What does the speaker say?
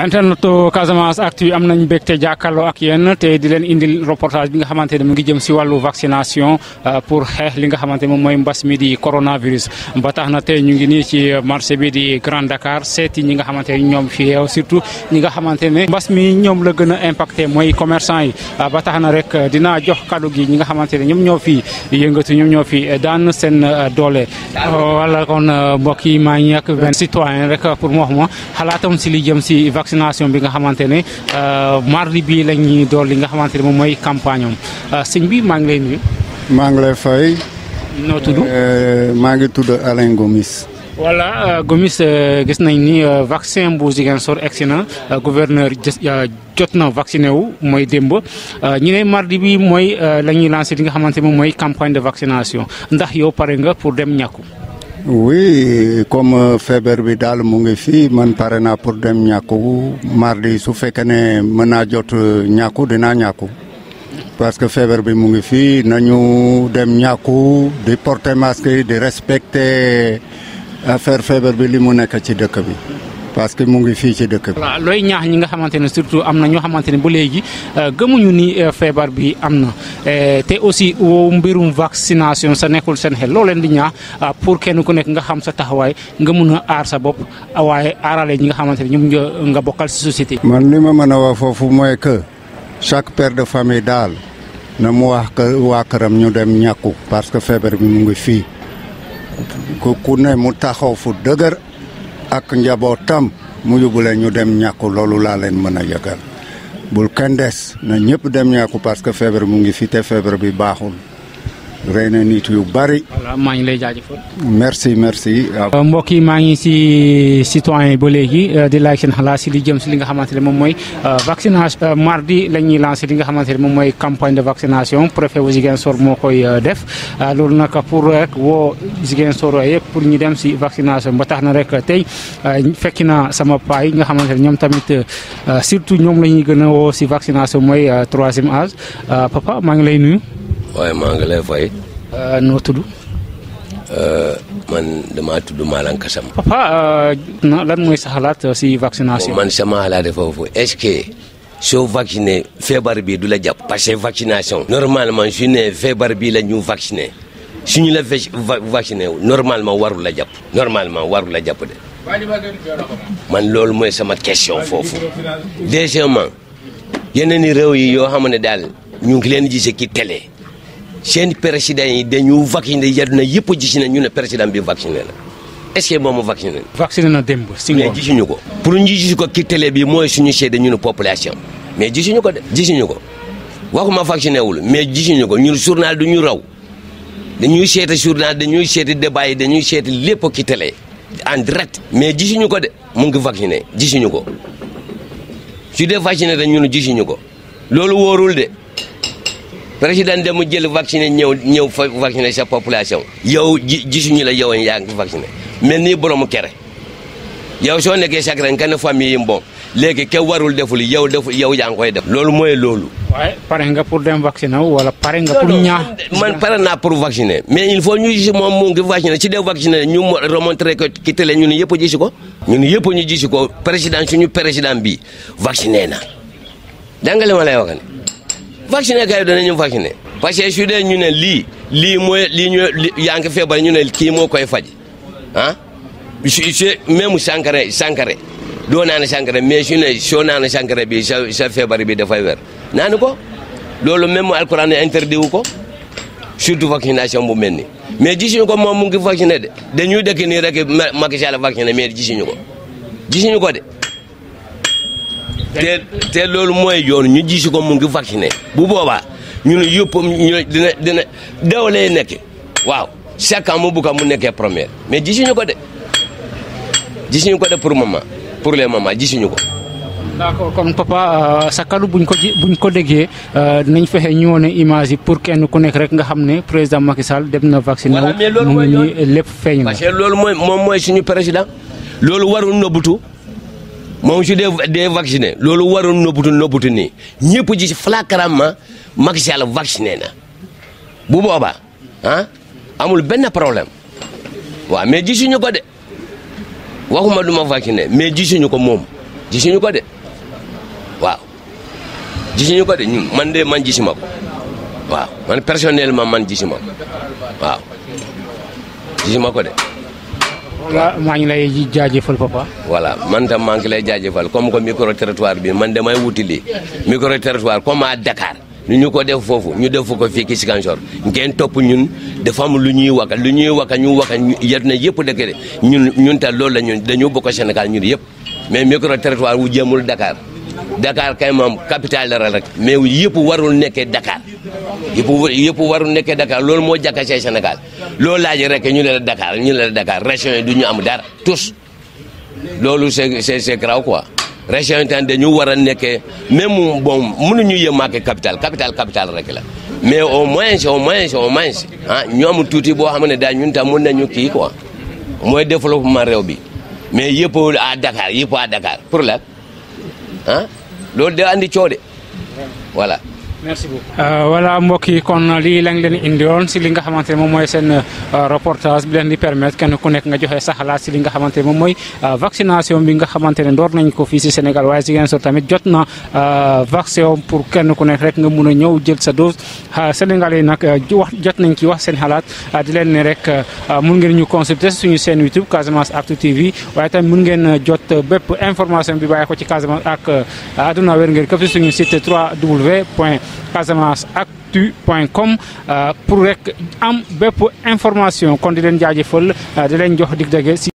internetu casamance actu am nañ mbégte jàkkaarloo ak yenn te di leen indil reportage bi nga xamante ne mu ngi jëm si wàllu vaccination euh, pour xeex li nga xamante di coronavirus ba tax na tey ñu di grand dakar seeti ñi nga xamante ne ñoom fi yeew surtout ñi nga xamante ne mbas mi impacté mooy commerçant yi euh, rek euh, dinaa jox kaddu gi ñi nga xamante ne ñoom dan sen yëngatu ñoom ñoo fi daan citoyen rek pour moo xam xalaatam si vaccination vaccination bi nga xamante ne euh, mardi bi la ñuy door li nga xamante ne moom mooy campagne euh, sëñ bi maa ngi lay nuyu. maa ngi lay fay. noo tudd. Euh, maa ngi tudd Alain Gomis. voilà Gomis gis nañ ni vaccin bu Ziguinchor egsi na gouverneur jot na vacciné wu mooy démb ñu ne mardi bi mooy la ñuy lancé li nga xamante ne moom mooy campagne de vaccination ndax yow pare nga pour dem ñàkku. oui comme euh, feebar bi daal mu ngi fi man pare na pour dem mar mardi su fekkee ne mën naa jot euh, ñàkku dinaa ñàkku parce que feebar bi mu ngi fii nañu dem ñàkku di porter masque yi di respecter affaire feebar bi li mu nekk ci dëkk bi. parce que mu ngi fii ci dëkk bi. voilà looy ñaax ñi nga xamante ne surtout am na ñoo xamante ne ba léegi euh, gëmuñu ni euh, feebar bi am na euh, te aussi mbirum vaccination sa nekkul seen xel loo leen di ñaax pour kenn ku nekk nga xam sa taxawaay nga mun a aar sa bopp waaye aarale ñi nga xamante ne ñoom nga bokkal si société man li ma mën a wax foofu mooy que chaque pere de famille daal na mu wax waa këram ñu dem ñàkku parce que feebar bi mu ngi fii ku ne mu taxaw fu dëgër. ak njabootam mu yóbbu leen ñu dem ñàkku loolu laa leen mën a yëgal bul kenn des ñëpp dem ñàkku parce que feebar mu ngi fi te feebar bi baaxul. rey na nit yu bari. voilà maa ngi lay jaajëfal. merci merci. Ah. Euh, mbokk yi maa ngi si citoyen ba léegi euh, di laaj seen xalaat si li jëm si li nga xamante ne moom mooy euh, vaccination mardi la ñuy lancé li nga xamante ne moom mooy campagne de vaccination préfet wu Ziguinchor moo koy def loolu nag pour rek woo Ziguinchor yëpp pour ñu dem si vaccination ba tax na rek tey fekki naa sama paa yi nga xamante ne ñoom tamit surtout ñoom la ñuy gën a woo si vaccination mooy troisième âge papa maa ngi lay nuyu. waaye maa ngi lay fay. Euh, noo tudd. Euh, man damaa tudd Malang Kasam. papa euh, lan muy sa xalaat si vaccination. man sama xalaat foofu est-ce que soo vacciné feebar bii du la jàpp. parce que vaccination. normalement su ne feebar bi la ñu vacciné suñu la vacciné normalement warul la jàpp. normalement warul la jàpp de. man loolu mooy sama question foofu. deuxièmement yeneen i réew yi yoo xam ne daal ñu ngi leen gisee ci seen président yi dañu vacciné yàdduna yëpp gis nañ ñu ne président bi vacciné na est-ce que moom mu vacciné na. vacciné na démb si mais gisuñu ko. pour ñu ko ci télé bi mooy suñu seede ñu ne population mais gisuñu ko de gisuñu ko waxuma vacciné wul mais gisuñu ko ñun journal du ñu raw dañuy seeti journal dañuy seeti débat yi dañuy seeti lépp ci télé en direct. mais gisuñu ko de mu ngi vacciné gisuñu ko su dee vacciné dañ ñu ne gisuñu ko loolu wóorul de. président demu jël vacciné ñëw ñëw fa vacciné sa population yow ji gisuñu la yow yaa ngi vacciné mel nii boroomu kere yow soo nekkee chaque ren kenn famille yi bon léegi ke warul deful yow deful yow yaa ngi koy def loolu mooy loolu. waaye pare nga pour dem vacciné wala pare nga pour ñaax. man pare naa pour vacciner mais il faut ñu gis moom mu ngi vacciné si dee vacciné ñu remontré ko ki télé ñun yëpp gis ko. ñun yëpp ñu jisi ko président suñu président bi vacciné na danga li ma vacciner kay danañu vacciner parce que su ñu ne lii lii mooy lii ñu yaa ngi feebar ñu ne kii moo koy faj ah su même Sankara Sankara doo naan Sankara mais su ne soo naan Sankara bi sa sa feebar bi dafay wér naanu ko loolu même alquran interdit wu ko surtout vaccination bu mel ni mais gisuñu ko moom mu ngi vacciné de dañuy dëkk nii rek Macky Sall vacciné mais gisuñu ko gisuñu ko de te te loolu mooy yoon ñu ji si ko mu ngi vacciné bu boobaa ñu ne yëppam ñu dina dina daw lay nekk waaw chaque an mu bu mu nekkee première mais gisuñu ko de gisuñu ko de pour moment pour les moments gisuñu ko. d'accord kon papa euh, sa kaddu buñ ko ji buñ ko déggee euh, dinañ fexe ñu wane image yi pour kenn ku nekk rek nga xam ne président Macky dem na vacciné mu ngi lépp feeñ na. parce que loolu mooy moom mooy suñu président loolu warul nëbbutu. moom su dee dee vacciné loolu waroon nëbbutu nëbbutu nii ñëpp ci flacramment Macky Sall vacciné na bu boobaa ah amul benn problème waaw mais gisuñu ko de waxuma duma vacciné mais gisuñu ko moom gisuñu ko de waaw gisuñu ko de man de man gisuma ko waaw man personnellement man gisuma ko waaw gisuma ko de waaw maa ngi lay jaajëfal papa. voilà man tam maa ngi lay jaajëfal comme que micro territoire bi man damay wuti lii micro territoire comme à Dakar ñu ñu ko def foofu ñu def ko fii ki Ziguinchor ngeen topp ñun dafa am lu ñuy waka lu ñuy waka ñu waka yet na yëpp dëkk ñun ñun tam loolu la ñun dañoo bokk Sénégal ñun yëpp mais micro territoire wu jëmul Dakar. Dakar kay moom capital la rek mais yëpp warul nekkee Dakar yëpp yëpp warul nekkee Dakar loolu moo jàkkaasee Sénégal loo laajee rek ñu ne la Dakar ñu ne la Dakar région yi du ñu am dara tous loolu c'est c'est c'est grave quoi région yi tamit dañu war a nekkee même bon mënuñu yëmmaake capital capital capital rek la mais au moins au moins au moins a ah, ñu am tuuti boo xam ne daal ñun tam mën nañu kii quoi mooy développement réew bi mais yëpp à Dakar yëpp à Dakar pour la ah loolu da andi coow de voilà merci beaucoup euh, voilà yi kon lii lañ leen indiwoon si li nga xamante ne moom mooy seen euh, reportage bi leen di permettre kenn ku nekk nga joxe sa xalaat si li nga xamante ne moom mooy euh, vaccination bi nga xamante ne door nañ ko fii si Sénégal waaye Ziguinchor tamit jot na vaccin pour kenn ku nekk rek nga mun a ñëw jël sa dose Sénégal yi nag wax jot nañ ci wax seen xalaat di leen ne rek mun ngeen ñu consulter suñu chaîne YouTube Casamance Actu TV waaye tamit mun ngeen jot bépp bi bàyyi ko ci Casamance ak àdduna wér ngeen casamanceactu point euh, pour rek am bépp information kon di leen jaajëfal euh, di leen jox dig